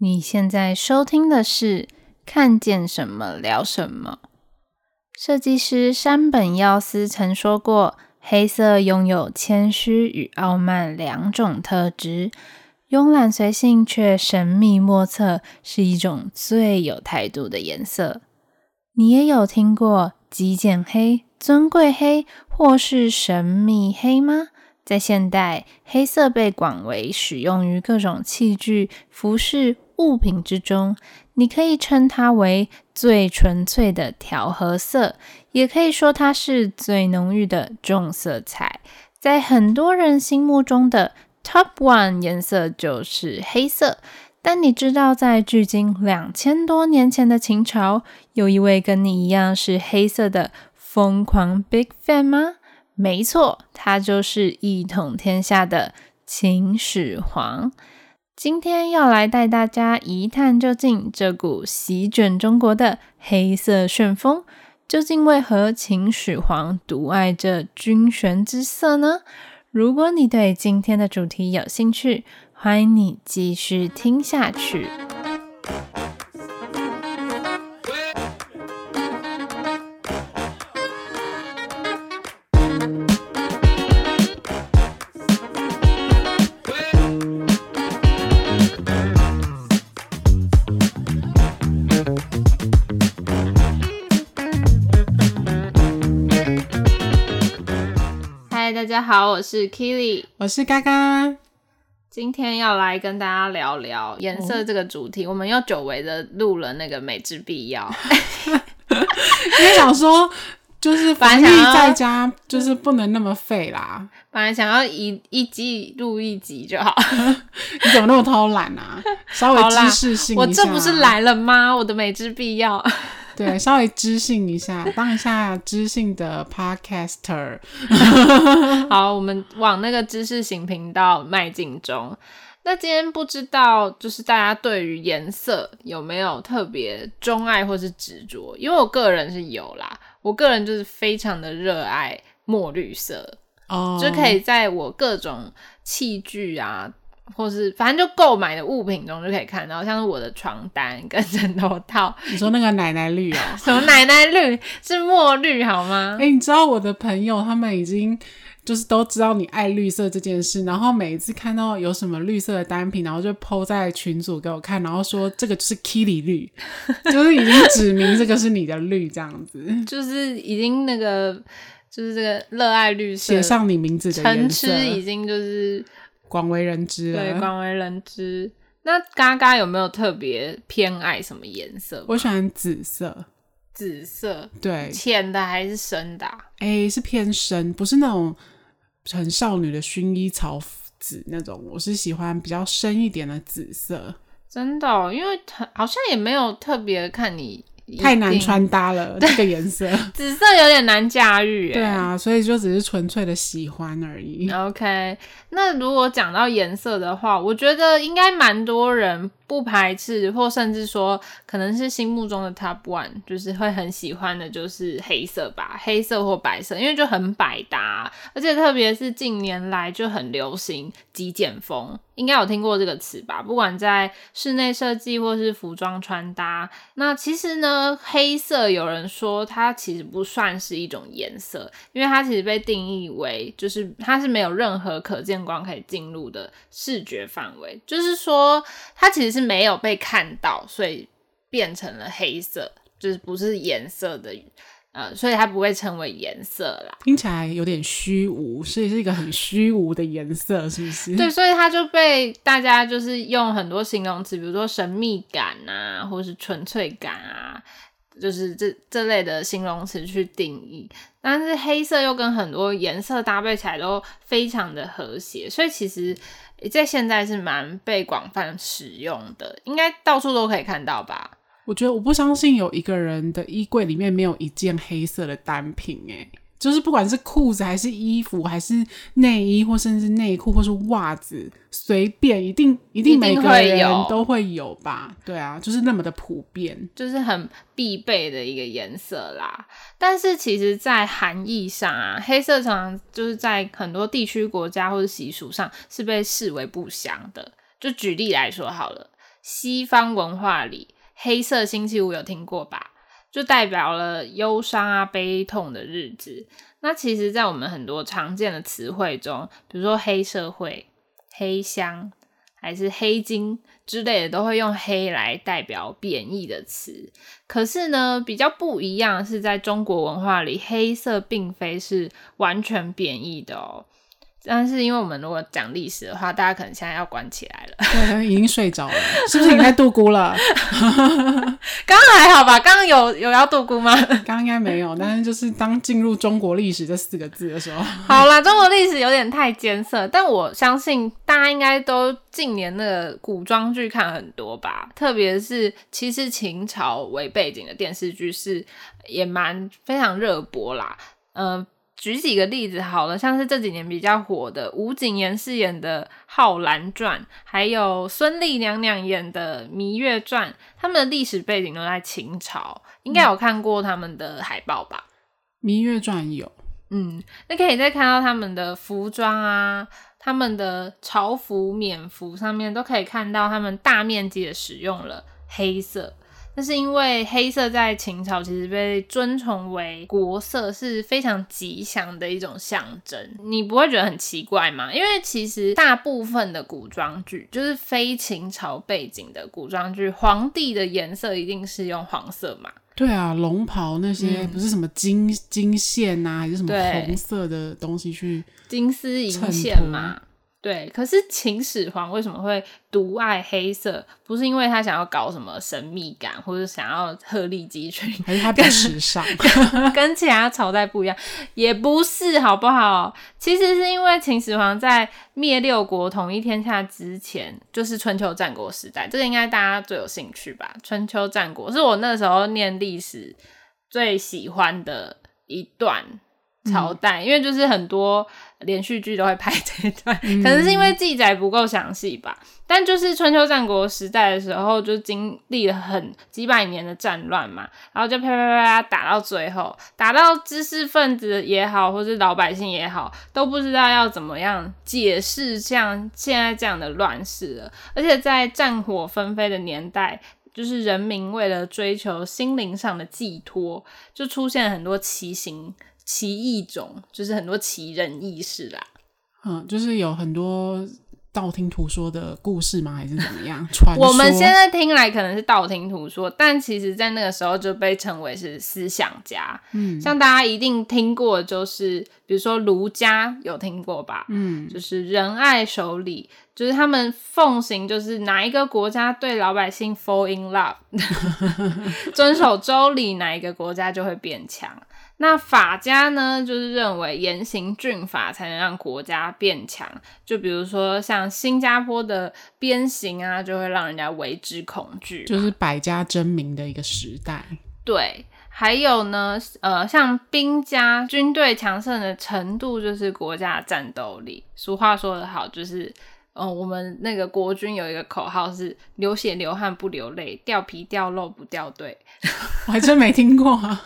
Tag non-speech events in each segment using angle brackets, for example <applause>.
你現在收聽的是《看見什麼聊什麼》。設計師山本耀司曾說過：“黑色擁有謙虛與傲慢兩種特質，慵懶隨性卻神秘莫測，是一種最有態度的顏色。”你也有聽過“極簡黑”、“尊貴黑”或是“神秘黑”嗎？在現代，黑色被廣為使用於各種器具、服飾、物品之中，你可以稱它為最純粹的調和色，也可以說它是最濃郁的重色彩。在很多人心目中的 top one 顏色就是黑色。但你知道，在距今兩千多年前的秦朝，有一位跟你一樣是黑色的瘋狂 big fan 嗎？沒錯，他就是一統天下的秦始皇。今天要來帶大家一探究竟，這股席捲中國的黑色旋風，究竟為何秦始皇獨愛這袀玄之色呢？如果你對今天的主題有興趣，歡迎你繼續聽下去。大家好，我是 Keely 我是嘎嘎，今天要來跟大家聊聊顏色這個主題。哦、我們又久違的錄了那個美之必要， <laughs> 因為想說就是，反正在家就是不能那麼廢啦，反正想要一一集錄一集就好， <laughs> 你怎麼那麼偷懶啊？稍微知識性一下我這不是來了嗎？我的美之必要。對，稍微知性一下，當一下知性的 podcaster。 <laughs> 好，我們往那個知識型頻道邁進中。那今天不知道，就是大家對於顏色有沒有特別鍾愛或是執着？因為我個人是有啦，我個人就是非常的熱愛墨綠色，oh. 就可以在我各種器具啊。或是反正就購買的物品中就可以看到，像是我的床單跟枕頭套。你說那個奶奶綠哦、喔？ <laughs> 什麼奶奶綠？是墨綠好嗎？哎、欸，你知道我的朋友他們已經就是都知道你愛綠色這件事，然後每一次看到有什麼綠色的單品，然後就 po 在群組給我看，然後說這個就是 Keely 綠， <laughs> 就是已經指明這個是你的綠這樣子，就是已經那個就是這個熱愛綠色，寫上你名字的顏色已經就是。廣為人知。對，對，廣為人知。那嘎嘎有沒有特別偏愛什麼顏色？我喜歡紫色。紫色，對，淺的還是深的？啊？哎、欸，是偏深，不是那種很少女的薰衣草紫那種，我是喜歡比較深一點的紫色。真的？哦，因為很好像也沒有特別看你。太難穿搭了，這個顏色紫色有點難駕馭，欸。對啊，所以就只是純粹的喜歡而已。OK，那如果講到顏色的話，我覺得應該蠻多人不排斥，或甚至說可能是心目中的 Top One，就是會很喜歡的就是黑色吧，黑色或白色，因為就很百搭，而且特別是近年來就很流行極簡風。應該有聽過這個詞吧？不管在室內設計或是服裝穿搭，那其實呢，黑色有人說它其實不算是一種顏色，因為它其實被定義為就是它是沒有任何可見光可以進入的視覺範圍，就是說它其實是沒有被看到，所以變成了黑色，就是不是顏色的。呃，所以它不會稱為顏色啦，聽起來有點虛無，所以是一個很虛無的顏色，是不是？ <laughs> 對，所以它就被大家就是用很多形容詞，比如說神秘感啊，或是純粹感啊，就是這這類的形容詞去定義。但是黑色又跟很多顏色搭配起來都非常的和諧，所以其實在現在是蠻被廣泛使用的，應該到處都可以看到吧。我覺得我不相信有一個人的衣櫃裡面沒有一件黑色的單品哎，就是不管是褲子還是衣服，還是內衣或甚至是內褲或是襪子，隨便一定一定每個人都會有吧？有對啊，就是那麼的普遍，就是很必備的一個顏色啦。但是其實，在含義上啊，黑色常常就是在很多地區國家或者習俗上是被視為不祥的。就舉例來說好了，西方文化裡，黑色星期五有聽過吧？就代表了憂傷啊、悲痛的日子。那其實，在我們很多常見的詞彙中，比如說黑社會、黑箱還是黑金之類的，都會用黑來代表貶義的詞。可是呢，比較不一樣是，在中國文化裡，黑色並非是完全貶義的哦、喔。但是，因為我們如果講歷史的話，大家可能現在要關起來了。對，已經睡着了， <laughs> 是不是應該度姑了？剛剛 <laughs> 還好吧？剛剛有有要度姑嗎？剛應該沒有，但是就是當進入中國歷史這四個字的時候， <laughs> 好啦，中國歷史有點太艱澀， <laughs> 但我相信大家應該都近年的古裝劇看很多吧，特別是其實秦朝為背景的電視劇是也蠻非常熱播啦，嗯、呃。舉幾個例子好了，像是這幾年比較火的吳謹言飾演的《皓鑭傳》，還有孫儷娘娘演的《羋月傳》，他們的歷史背景都在秦朝，應該有看過他們的海報吧？嗯，《羋月傳》有，嗯，那可以再看到他們的服裝啊，他們的朝服、冕服上面都可以看到他們大面積的使用了黑色。但是因為黑色在秦朝其實被尊崇為國色，是非常吉祥的一種象徵。你不會覺得很奇怪嗎？因為其實大部分的古裝劇，就是非秦朝背景的古裝劇，皇帝的顏色一定是用黃色嘛？對啊，龍袍那些、嗯、不是什麼金金線啊，還是什麼紅色的東西去金絲銀線嗎？對，可是秦始皇為什麼會獨愛黑色？不是因為他想要搞什麼神秘感，或者想要鶴立雞群，可是他比較時尚跟， <laughs> 跟其他朝代不一樣？也不是，好不好？其實是因為秦始皇在滅六國、統一天下之前，就是春秋戰國時代，這個應該大家最有興趣吧？春秋戰國是我那時候念歷史最喜歡的一段朝代，嗯、因為就是很多。連續劇都會拍這一段，可能是，是因為記載不夠詳細吧。嗯、但就是春秋戰國時代的時候，就經歷了很幾百年的戰亂嘛，然後就啪，啪啪啪打到最後，打到知識分子也好，或是老百姓也好，都不知道要怎麼樣解釋像現在這樣的亂世了。而且在戰火紛飛的年代，就是人民為了追求心靈上的寄托，就出現了很多奇形。奇異種就是很多奇人異事啦，嗯，就是有很多道聽途說的故事嗎？還是怎麼樣？ <laughs> 傳說？我們現在聽來可能是道聽途說，但其實，在那個時候就被稱為是思想家。嗯，像大家一定聽過，就是比如說儒家有聽過吧？嗯，就是仁愛守禮，就是他們奉行，就是哪一個國家對老百姓 fall in love， <laughs> <laughs> 遵守周禮，哪一個國家就會變強。那法家呢，就是認為嚴刑峻法才能讓國家變強。就比如說像新加坡的鞭刑啊，就會讓人家為之恐懼。就是百家爭鳴的一個時代。對，還有呢，呃，像兵家，軍隊強盛的程度就是國家的戰鬥力。俗話說得好，就是。嗯、哦，我們那個國軍有一個口號是“流血流汗不流淚，掉皮掉肉不掉隊”，我還真沒聽過啊。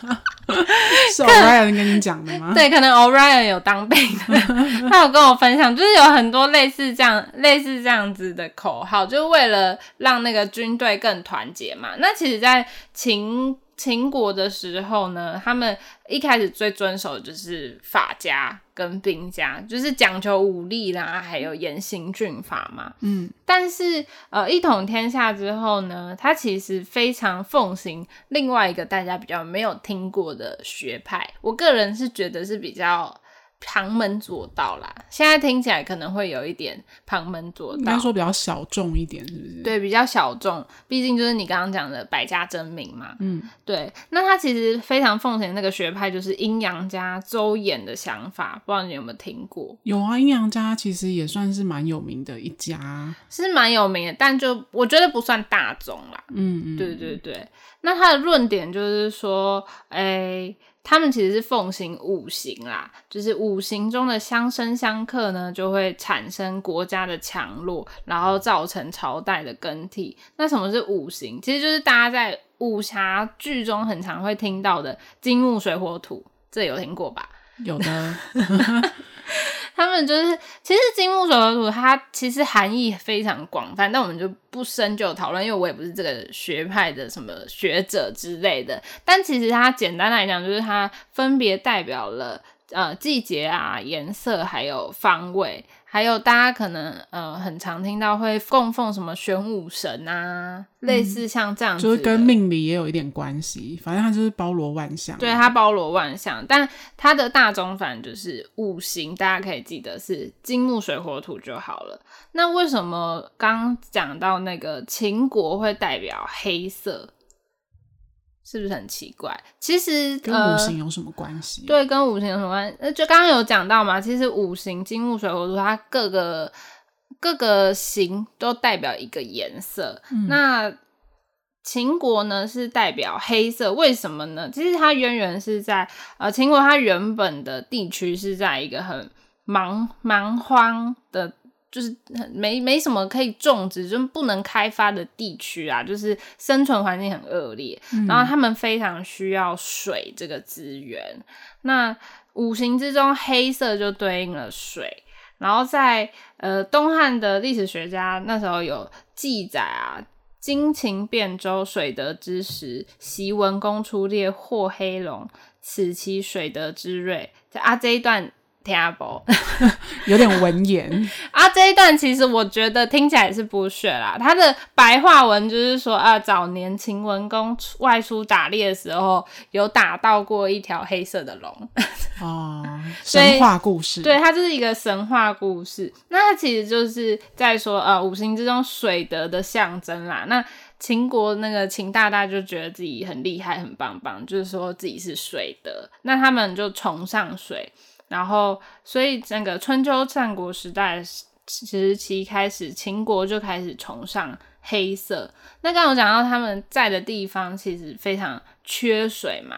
是 Orion 有人跟你講的嗎？ <laughs> 對，可能 Orion 有當兵的，他有跟我分享，就是有很多類似這樣、類似這樣子的口號，就是為了讓那個軍隊更團結嘛。那其實在情，在秦。秦國的時候呢，他們一開始最遵守的就是法家跟兵家，就是講求武力啦，還有嚴刑峻法嘛。嗯，但是呃，一統天下之後呢，他其實非常奉行另外一個大家比較沒有聽過的學派，我個人是覺得是比較。旁門左道啦，現在聽起來可能會有一點旁門左道，應該說比較小眾一點，是不是？對，比較小眾，畢竟就是你剛剛講的百家爭鳴嘛。嗯，對。那他其實非常奉行那個學派，就是陰陽家鄒衍的想法，不知道你有沒有聽過？有啊，陰陽家其實也算是蠻有名的一家，是蠻有名的，但就我覺得不算大眾啦。嗯嗯，對對對。那他的論點就是說，哎、欸。他們其實是奉行五行啦，就是五行中的相生相克呢，就會產生國家的強弱，然後造成朝代的更替。那什麼是五行？其實就是大家在武俠劇中很常會聽到的金木水火土，這有聽過吧？有的。 <laughs> 他們就是，其實金木水火土它其實含義非常廣泛，但我們就不深究討論，因為我也不是這個學派的什麼學者之類的。但其實它簡單來講，就是它分別代表了呃季節啊、顏色還有方位。還有大家可能呃很常聽到會供奉什麼玄武神啊，嗯、類似像這樣子，就是跟命理也有一點關係。反正它就是包羅萬象，對它包羅萬象。但它的大中反就是五行，大家可以記得是金木水火土就好了。那為什麼剛講到那個秦國會代表黑色？是不是很奇怪？其實跟五行有什麼關係啊？呃，對，跟五行有什麼關係？呃，就剛剛有講到嘛，其實五行金木水火土，它各個各個行都代表一個顏色。嗯，那秦國呢是代表黑色，為什麼呢？其實它淵源，源是在呃，秦國它原本的地區是在一個很蠻蠻荒的。就是沒沒什麼可以種植，就不能開發的地區啊，就是生存環境很惡劣，嗯、然後他們非常需要水這個資源。那五行之中，黑色就對應了水。然後在呃東漢的歷史學家那時候有記載啊，今秦變周，水德之時，昔文公出獵，獲黑龍，此其水德之瑞。在啊這一段。table <laughs> 有點文言 <laughs> 啊，這一段其實我覺得聽起來也是不屑啦。它的白話文就是說啊，早年秦文公外出打獵的時候，有打到過一條黑色的龍啊、 <laughs> 哦，神話故事對。對，它就是一個神話故事。那它其實就是在說呃，五行之中水德的象徵啦。那秦國那個秦大大就覺得自己很厲害、很棒棒，就是說自己是水德。那他們就崇尚水。然後，所以整個春秋戰國時代時期開始，秦國就開始崇尚黑色。那剛才我講到他們在的地方其實非常缺水嘛，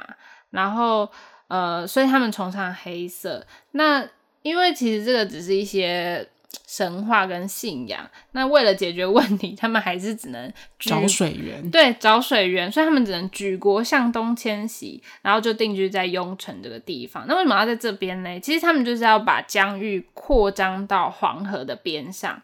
然後呃，所以他們崇尚黑色。那因為其實這個只是一些。神話跟信仰，那為了解決問題，他們還是只能找水源。嗯，對，找水源，所以他們只能舉國向東遷徙，然後就定居在雍城這個地方。那為什麼要在這邊呢？其實他們就是要把疆域擴張到黃河的邊上。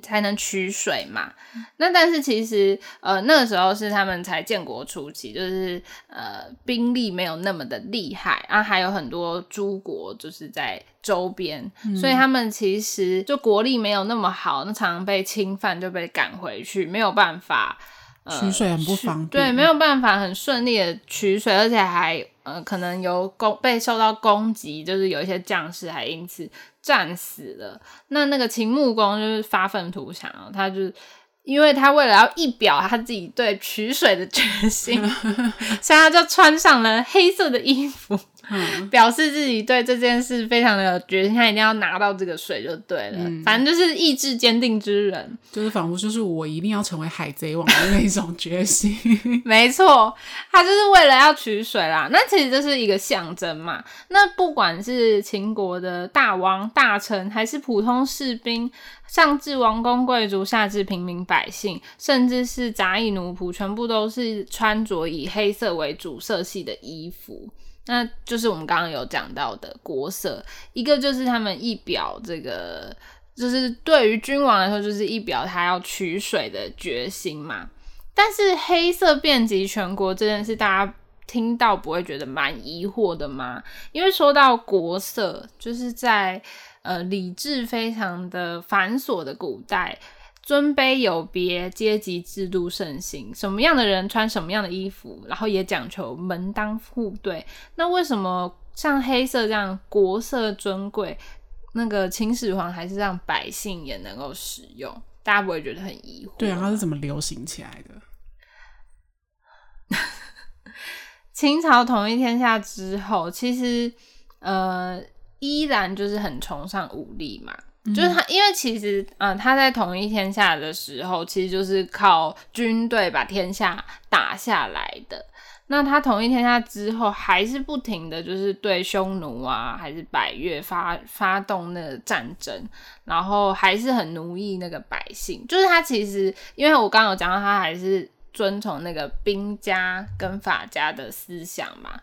才能取水嘛。那但是其實，呃，那個時候是他們才建國初期，就是呃，兵力沒有那麼的厲害啊，還有很多諸國就是在周邊，嗯、所以他們其實就國力沒有那麼好，那常常被侵犯就被趕回去，沒有辦法、呃、取水很不方便，對，沒有辦法很順利的取水，而且還。嗯、呃，可能有攻被受到攻擊，就是有一些將士還因此戰死了。那那個秦穆公就是發憤圖強，他就是因為他為了要一表他自己對取水的決心，所以 <laughs> 他就穿上了黑色的衣服。嗯、表示自己對這件事非常的有決心，他一定要拿到這個水就對了。嗯、反正就是意志堅定之人，就是仿佛就是我一定要成為海賊王的那種決心。 <laughs> 沒錯，他就是為了要取水啦。那其實這是一個象徵嘛。那不管是秦國的大王、大臣，還是普通士兵，上至王公貴族，下至平民百姓，甚至是雜役奴僕，全部都是穿着以黑色為主色系的衣服。那就是我們剛剛有講到的國色，一個就是他們以表這個，就是對於君王來說，就是以表他要取水的決心嘛。但是黑色遍及全國這件事，大家聽到不會覺得蠻疑惑的嗎？因為說到國色，就是在呃禮制非常的繁瑣的古代。尊卑有別，階級制度盛行，什麼樣的人穿什麼樣的衣服，然後也講求門當戶對。那為什麼像黑色這樣國色尊貴，那個秦始皇還是讓百姓也能夠使用？大家不會覺得很疑惑？對啊，他是怎麼流行起來的？ <laughs> 秦朝統一天下之後，其實呃依然就是很崇尚武力嘛。就是他，因為其實，嗯、呃，他在統一天下的時候，其實就是靠軍隊把天下打下來的。那他統一天下之後，還是不停的就是對匈奴啊，還是百越發發動那個戰爭，然後還是很奴役那個百姓。就是他其實，因為我剛剛有講到，他還是遵從那個兵家跟法家的思想嘛。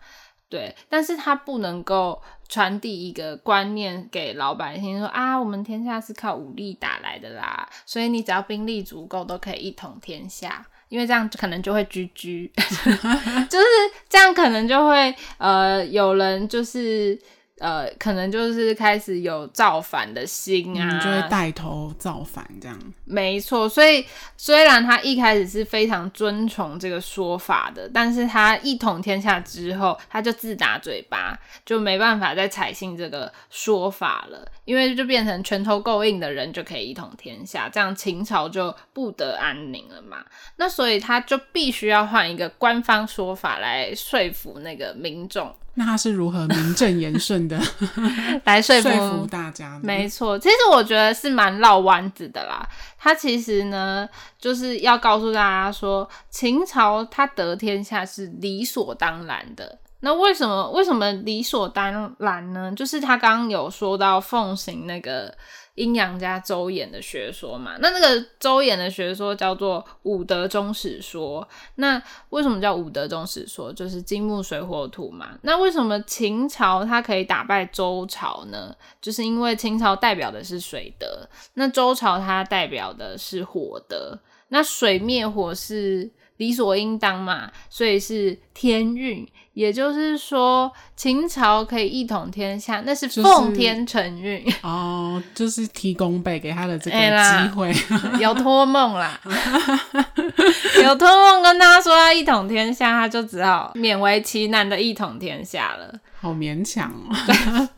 對，但是他不能夠傳遞一個觀念給老百姓說，說啊，我們天下是靠武力打來的啦，所以你只要兵力足夠，都可以一統天下，因為這樣可能就會居居， <laughs> 就是這樣可能就會呃，有人就是。呃，可能就是開始有造反的心啊，嗯、就會帶頭造反這樣。沒錯，所以雖然他一開始是非常遵從這個說法的，但是他一統天下之後，他就自打嘴巴，就沒辦法再採信這個說法了，因為就變成拳頭夠硬的人就可以一統天下，這樣秦朝就不得安寧了嘛。那所以他就必須要換一個官方說法來說服那個民眾。那他是如何名正言順的 <laughs> 來說服大家的？沒錯，其實我覺得是蠻繞彎子的啦。他其實呢，就是要告訴大家說，秦朝他得天下是理所當然的。那為什麼為什麼理所當然呢？就是他剛剛有說到奉行那個。陰陽家周衍的學說嘛，那那個周衍的學說叫做五德終始說。那為什麼叫五德終始說？就是金木水火土嘛。那為什麼秦朝它可以打敗周朝呢？就是因為秦朝代表的是水德，那周朝它代表的是火德，那水滅火是。理所應當嘛，所以是天運，也就是說秦朝可以一統天下，那是奉天承運，就是、 <laughs> 哦，就是提供北給他的這個機會，欸、啦 <laughs> 有托夢啦 <laughs> 有托夢跟他說要一統天下，他就只好勉為其難的一統天下了，好勉強哦。 <laughs>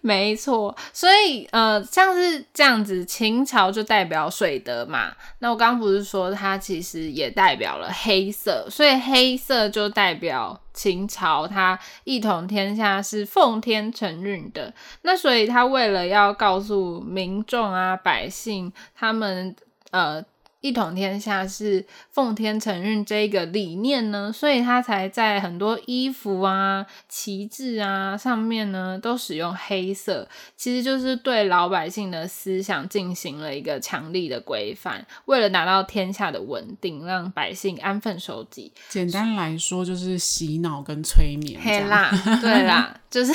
沒錯，所以呃，像是這樣子，秦朝就代表水德嘛。那我剛不是說它其實也代表了黑色，所以黑色就代表秦朝，它一統天下是奉天承運的。那所以他為了要告訴民眾啊，百姓他們呃。一統天下是奉天承運這個理念呢，所以他才在很多衣服啊、旗幟啊上面呢都使用黑色，其實就是對老百姓的思想進行了一個強力的規範，為了達到天下的穩定，讓百姓安分守己。簡單來說，就是洗腦跟催眠。嘿啦，對啦， <laughs> 就是。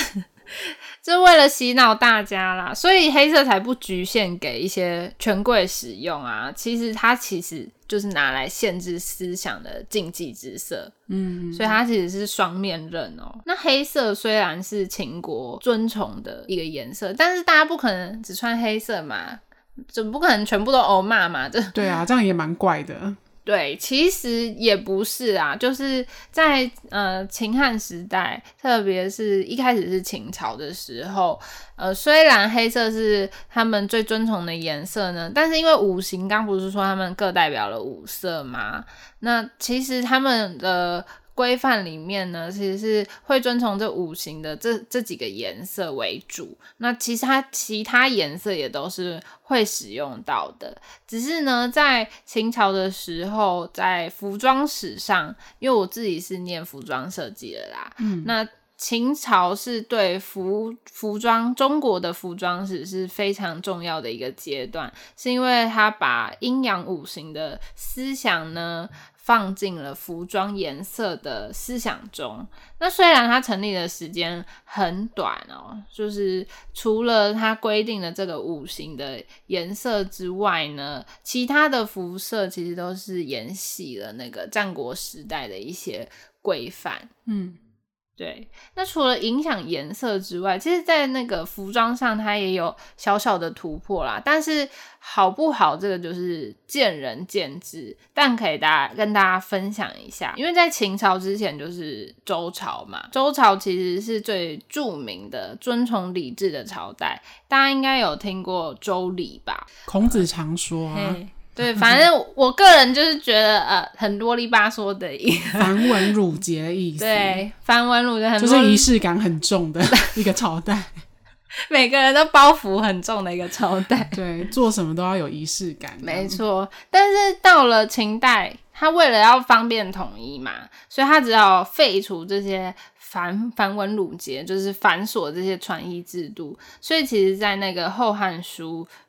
就為了洗腦大家啦，所以黑色才不局限給一些權貴使用啊。其實它其實就是拿來限制思想的禁忌之色，嗯，所以它其實是雙面刃哦、喔。那黑色雖然是秦國尊崇的一個顏色，但是大家不可能只穿黑色嘛，總不可能全部都歐罵嘛的。對啊，這樣也蠻怪的。對，其實也不是啊，就是在呃秦漢時代，特別是一開始是秦朝的時候，呃雖然黑色是他們最尊崇的顏色呢，但是因為五行，剛剛不是說他們各代表了五色嗎？那其實他們的。呃規範裡面呢，其實是會遵從這五行的這這幾個顏色為主，那其他其他顏色也都是會使用到的。只是呢，在秦朝的時候，在服裝史上，因為我自己是念服裝設計的啦，嗯，那秦朝是對服服裝，中國的服裝史是非常重要的一個階段，是因為它把陰陽五行的思想呢。放進了服裝顏色的思想中。那雖然它成立的時間很短哦，就是除了它規定的這個五行的顏色之外呢，其他的服色其實都是沿襲了那個戰國時代的一些規範。嗯。對，那除了影響顏色之外，其實，在那個服裝上，它也有小小的突破啦。但是好不好，這個就是見仁見智。但可以大家跟大家分享一下，因為在秦朝之前就是周朝嘛，周朝其實是最著名的遵從禮制的朝代，大家應該有聽過《周禮》吧？孔子常說、嗯。對，反正我個人就是覺得，嗯、哼呃，很囉里吧嗦的，繁文縟節的意思。意思對，繁文縟節很就是儀式感很重的一個朝代， <laughs> 每個人都包袱很重的一個朝代。對，做什麼都要有儀式感，沒錯。但是到了秦代，他為了要方便統一嘛，所以他只好廢除這些繁繁文縟節，就是繁瑣這些穿衣制度。所以其實，在那個《後漢書》。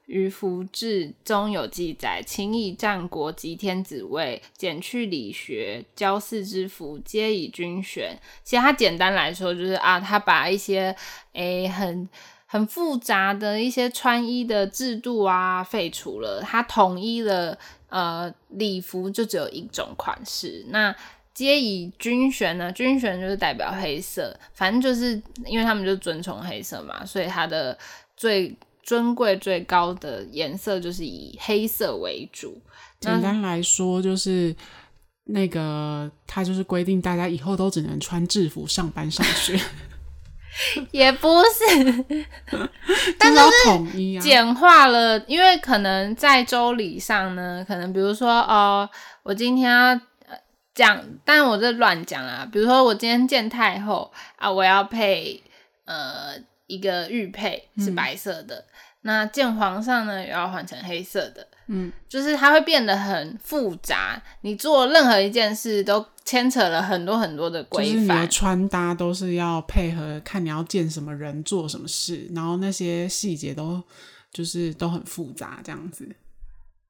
於輿服志》中有記載，秦以戰國即天子位，減去禮學，郊祀之服皆以袀玄。其實它簡單來說就是啊，他把一些誒、欸、很很複雜的一些穿衣的制度啊廢除了，他統一了呃禮服就只有一種款式。那皆以袀玄呢？袀玄就是代表黑色，反正就是因為他們就尊崇黑色嘛，所以他的最尊貴最高的顏色就是以黑色為主。簡單來說，就是那個它就是規定大家以後都只能穿制服上班上學。 <laughs> 也不是， <laughs> 啊、但是要統一啊，簡化了。因為可能在周禮上呢，可能比如說，哦，我今天要講、呃，但我這亂講啊。比如說，我今天見太後啊，我要配呃。一個玉佩，是白色的，嗯、那見皇上呢，也要換成黑色的。嗯，就是它會變得很複雜，你做任何一件事都牽扯了很多很多的規則。就是你的穿搭都是要配合，看你要見什麼人做什麼事，然後那些細節都就是都很複雜，這樣子。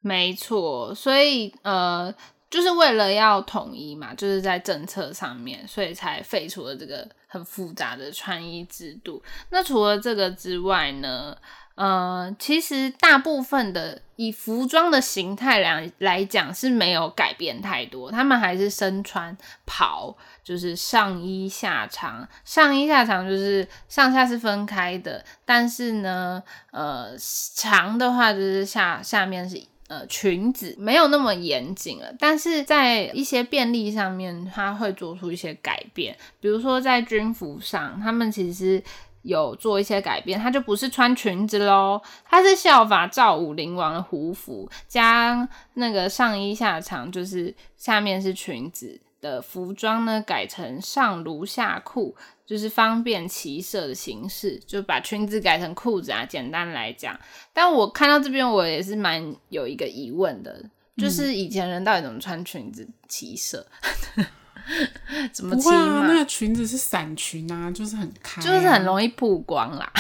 沒錯，所以呃，就是為了要統一嘛，就是在政策上面，所以才廢除了這個。很複雜的穿衣制度。那除了這個之外呢？呃，其實大部分的以服裝的形態來來講，是沒有改變太多，他們還是身穿袍，就是上衣下裳，上衣下裳就是上下是分開的。但是呢，呃，裳的話就是下下面是。呃，裙子沒有那麼嚴謹了，但是在一些便利上面，他會做出一些改變。比如說在軍服上，他們其實有做一些改變，他就不是穿裙子嘍，他是效法趙武靈王的胡服，加那個上衣下裳，就是下面是裙子，的服裝呢，改成上襦下褲，就是方便騎射的形式，就把裙子改成褲子啊。簡單來講，但我看到這邊，我也是蠻有一個疑問的，嗯、就是以前人到底怎麼穿裙子騎射？ <laughs> 怎麼騎啊？那個裙子是散裙啊，就是很開、啊，就是很容易曝光啦。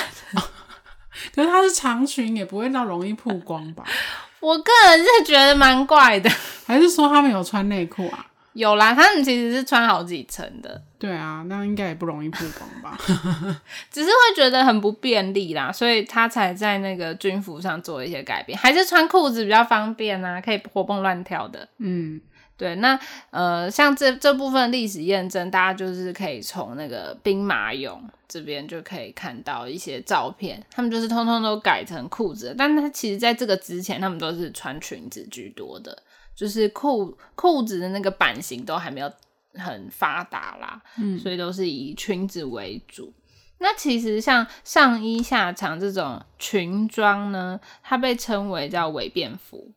<laughs> 可是它是長裙，也不會到容易曝光吧？ <laughs> 我個人是覺得蠻怪的，還是說他沒有穿內褲啊？有啦，他們其實是穿好幾層的。對啊，那應該也不容易曝光吧？ <laughs> 只是會覺得很不便利啦，所以他才在那個軍服上做一些改變，還是穿褲子比較方便啊，可以活蹦亂跳的。嗯。對，那呃，像這這部分歷史驗證，大家就是可以從那個兵馬俑這邊就可以看到一些照片，他們就是通通都改成褲子，但其實在這個之前，他們都是穿裙子居多的，就是褲褲子的那個版型都還沒有很發達啦，嗯，所以都是以裙子為主。那其實像上衣下裳這種裙裝呢，它被稱為叫韋弁服。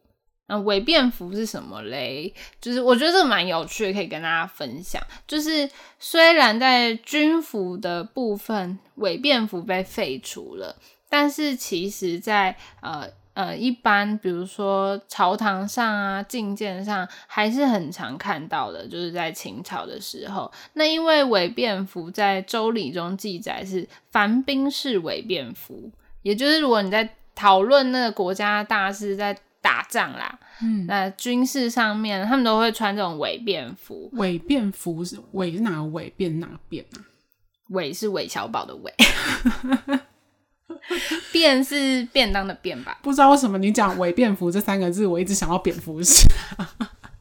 嗯，韋、呃、弁服是什麼嘞？就是我覺得這個蠻有趣的，可以跟大家分享。就是雖然在軍服的部分，韋弁服被廢除了，但是其實在呃呃一般，比如說朝堂上啊、覲見上還是很常看到的。就是在秦朝的時候，那因為韋弁服在《周禮》中記載是凡兵事，韋弁服，也就是如果你在討論那個國家的大事在。打仗啦，嗯、那軍事上面他們都會穿這種韋弁服。韋弁服是韋是哪個韋弁哪弁啊？韋是韋小寶的韋，弁 <laughs> 是便當的便吧？不知道為什麼你講韋弁服這三個字，我一直想到蝙蝠俠，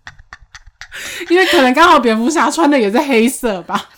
<laughs> 因為可能剛好蝙蝠俠穿的也是黑色吧。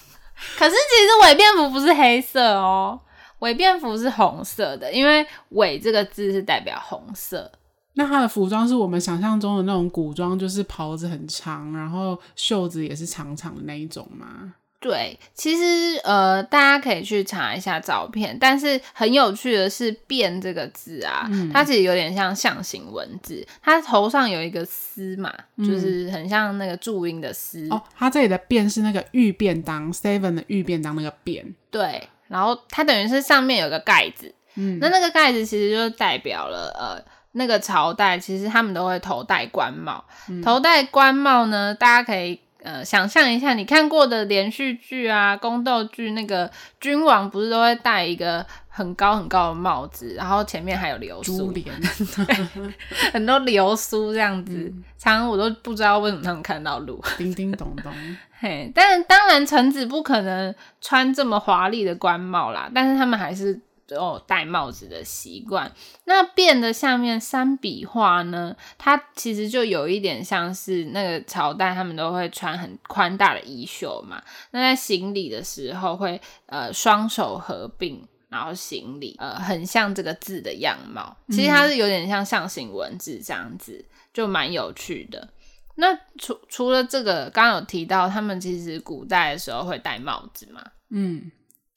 可是其實韋弁服不是黑色哦，韋弁服是紅色的，因為韋這個字是代表紅色。那他的服裝是我們想象中的那種古裝，就是袍子很長，然後袖子也是長長的那一種嗎？對，其實呃，大家可以去查一下照片。但是很有趣的是“弁”這個字啊，嗯、它其實有點像象形文字，它頭上有一個絲嘛，嗯、就是很像那個注音的“絲”。哦，它這裡的“弁”是那個“御便當 ”，seven 的“御便當”那個“便”。對，然後它等於是上面有個蓋子，嗯，那那個蓋子其實就代表了呃。那個朝代，其實他們都會頭戴冠帽。嗯、頭戴冠帽呢，大家可以呃想象一下，你看過的連續劇啊、宮鬥劇，那個君王不是都會戴一個很高很高的帽子，然後前面還有流蘇，連 <laughs> <laughs> 很多流蘇這樣子，嗯、常，常我都不知道為什麼他們看到路 <laughs> 叮叮咚咚。嘿， <laughs> 但當然臣子不可能穿這麼華麗的官帽啦，但是他們還是。有戴帽子的習慣，那變的下面三筆畫呢？它其實就有一點像是那個朝代，他們都會穿很寬大的衣袖嘛。那在行禮的時候會，會呃雙手合併，然後行禮，呃，很像這個字的樣貌。其實它是有點像象形文字這樣子，嗯、就蠻有趣的。那除除了這個，剛剛有提到他們其實古代的時候會戴帽子嘛。嗯。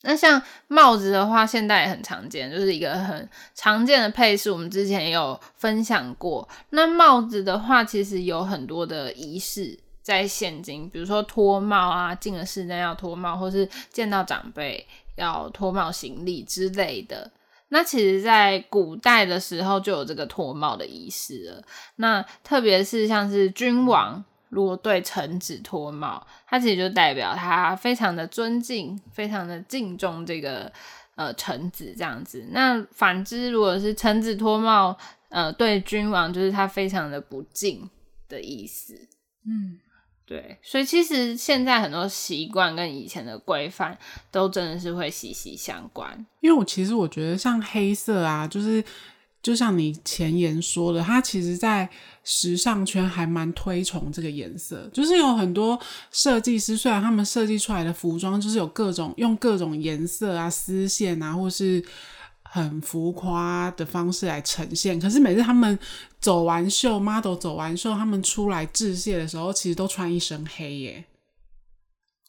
那像帽子的話，現代也很常見，就是一個很常見的配飾。我們之前也有分享過。那帽子的話，其實有很多的儀式在現今，比如說脫帽啊，進了室內要脫帽，或是見到長輩要脫帽行禮之類的。那其實，在古代的時候就有這個脫帽的儀式了。那特別是像是君王。如果對臣子脫帽，他其實就代表他非常的尊敬、非常的敬重這個呃臣子這樣子。那反之，如果是臣子脫帽，呃，對君王就是他非常的不敬的意思。嗯，對。所以其實現在很多習慣跟以前的規範都真的是會息息相關。因為我其實我覺得像黑色啊，就是。就像你前言說的，他其實在時尚圈還蠻推崇這個顏色，就是有很多設計師，雖然他們設計出來的服裝就是有各種用各種顏色啊、絲線啊，或是很浮誇的方式來呈現，可是每次他們走完秀，model 走完秀，他們出來致謝的時候，其實都穿一身黑耶，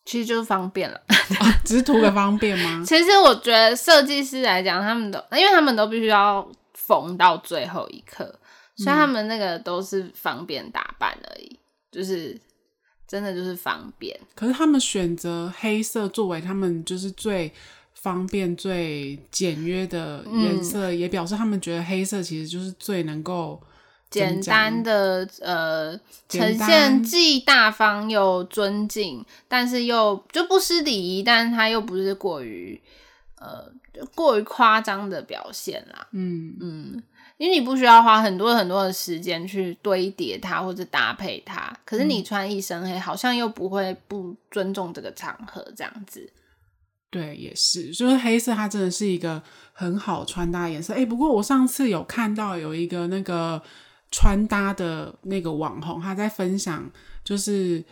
其實就是方便了、 <laughs> 哦，只是圖個方便嗎？其實我覺得設計師來講，他們都因為他們都必須要。縫到最後一刻，所以他們那個都是方便打扮而已，嗯、就是真的就是方便。可是他們選擇黑色作為他們就是最方便、最簡約的顏色，嗯、也表示他們覺得黑色其實就是最能夠簡單的呃單呈現，既大方又尊敬，但是又就不失禮儀，但是它又不是過於。呃，過於誇張的表現啦，嗯嗯，因為你不需要花很多很多的時間去堆疊它或者搭配它，可是你穿一身黑，嗯、好像又不會不尊重這個場合這樣子。對，也是，就是黑色它真的是一個很好穿搭顏色。哎、欸，不過我上次有看到有一個那個穿搭的那個網紅，他在分享就是。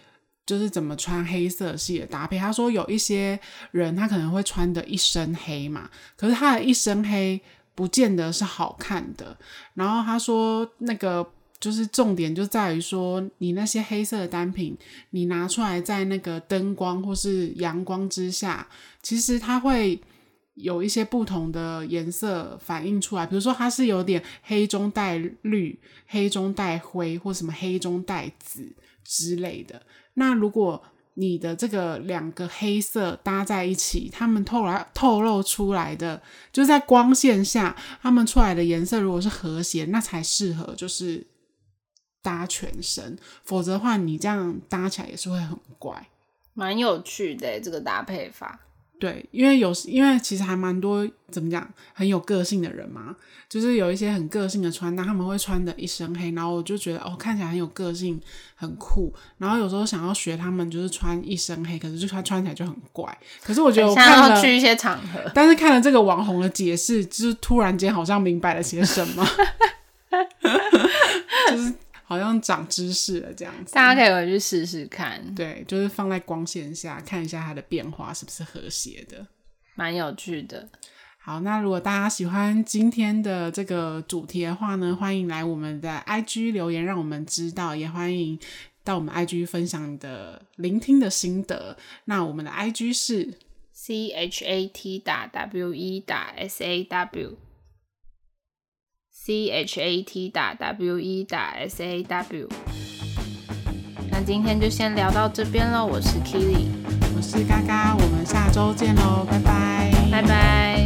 就是怎麼穿黑色系的搭配。他說有一些人他可能會穿的一身黑嘛，可是他的一身黑不見得是好看的。然後他說那個就是重點就在於說，你那些黑色的單品，你拿出來在那個燈光或是陽光之下，其實它會有一些不同的顏色反映出來。比如說它是有點黑中帶綠、黑中帶灰，或什麼黑中帶紫之類的。那如果你的這個兩個黑色搭在一起，他們透來透露出來的，就在光線下，他們出來的顏色如果是和諧，那才適合就是搭全身。否則的話，你這樣搭起來也是會很怪。蠻有趣的這個搭配法。對，因為有，因為其實還蠻多怎麼講很有個性的人嘛，就是有一些很個性的穿搭，但他們會穿得一身黑，然後我就覺得哦，看起來很有個性，很酷。然後有時候想要學他們，就是穿一身黑，可是就他穿，穿起來就很怪。可是我覺得我現在去一些場合，但是看了這個網紅的解釋，就是突然間好像明白了些什麼。 <laughs> 好像長知識了這樣子，大家可以回去試試看。對，就是放在光線下看一下它的變化是不是和諧的，蠻有趣的。好，那如果大家喜歡今天的這個主題的話呢，歡迎來我們的 IG 留言，讓我們知道。也歡迎到我們 IG 分享你的聆聽的心得。那我們的 IG 是 c h a t w e 打 s a w。C H A T 打 W E 打 S A W，那今天就先聊到這邊嘍。我是 Keely，我是嘎嘎，我們下周見嘍，拜拜，拜拜。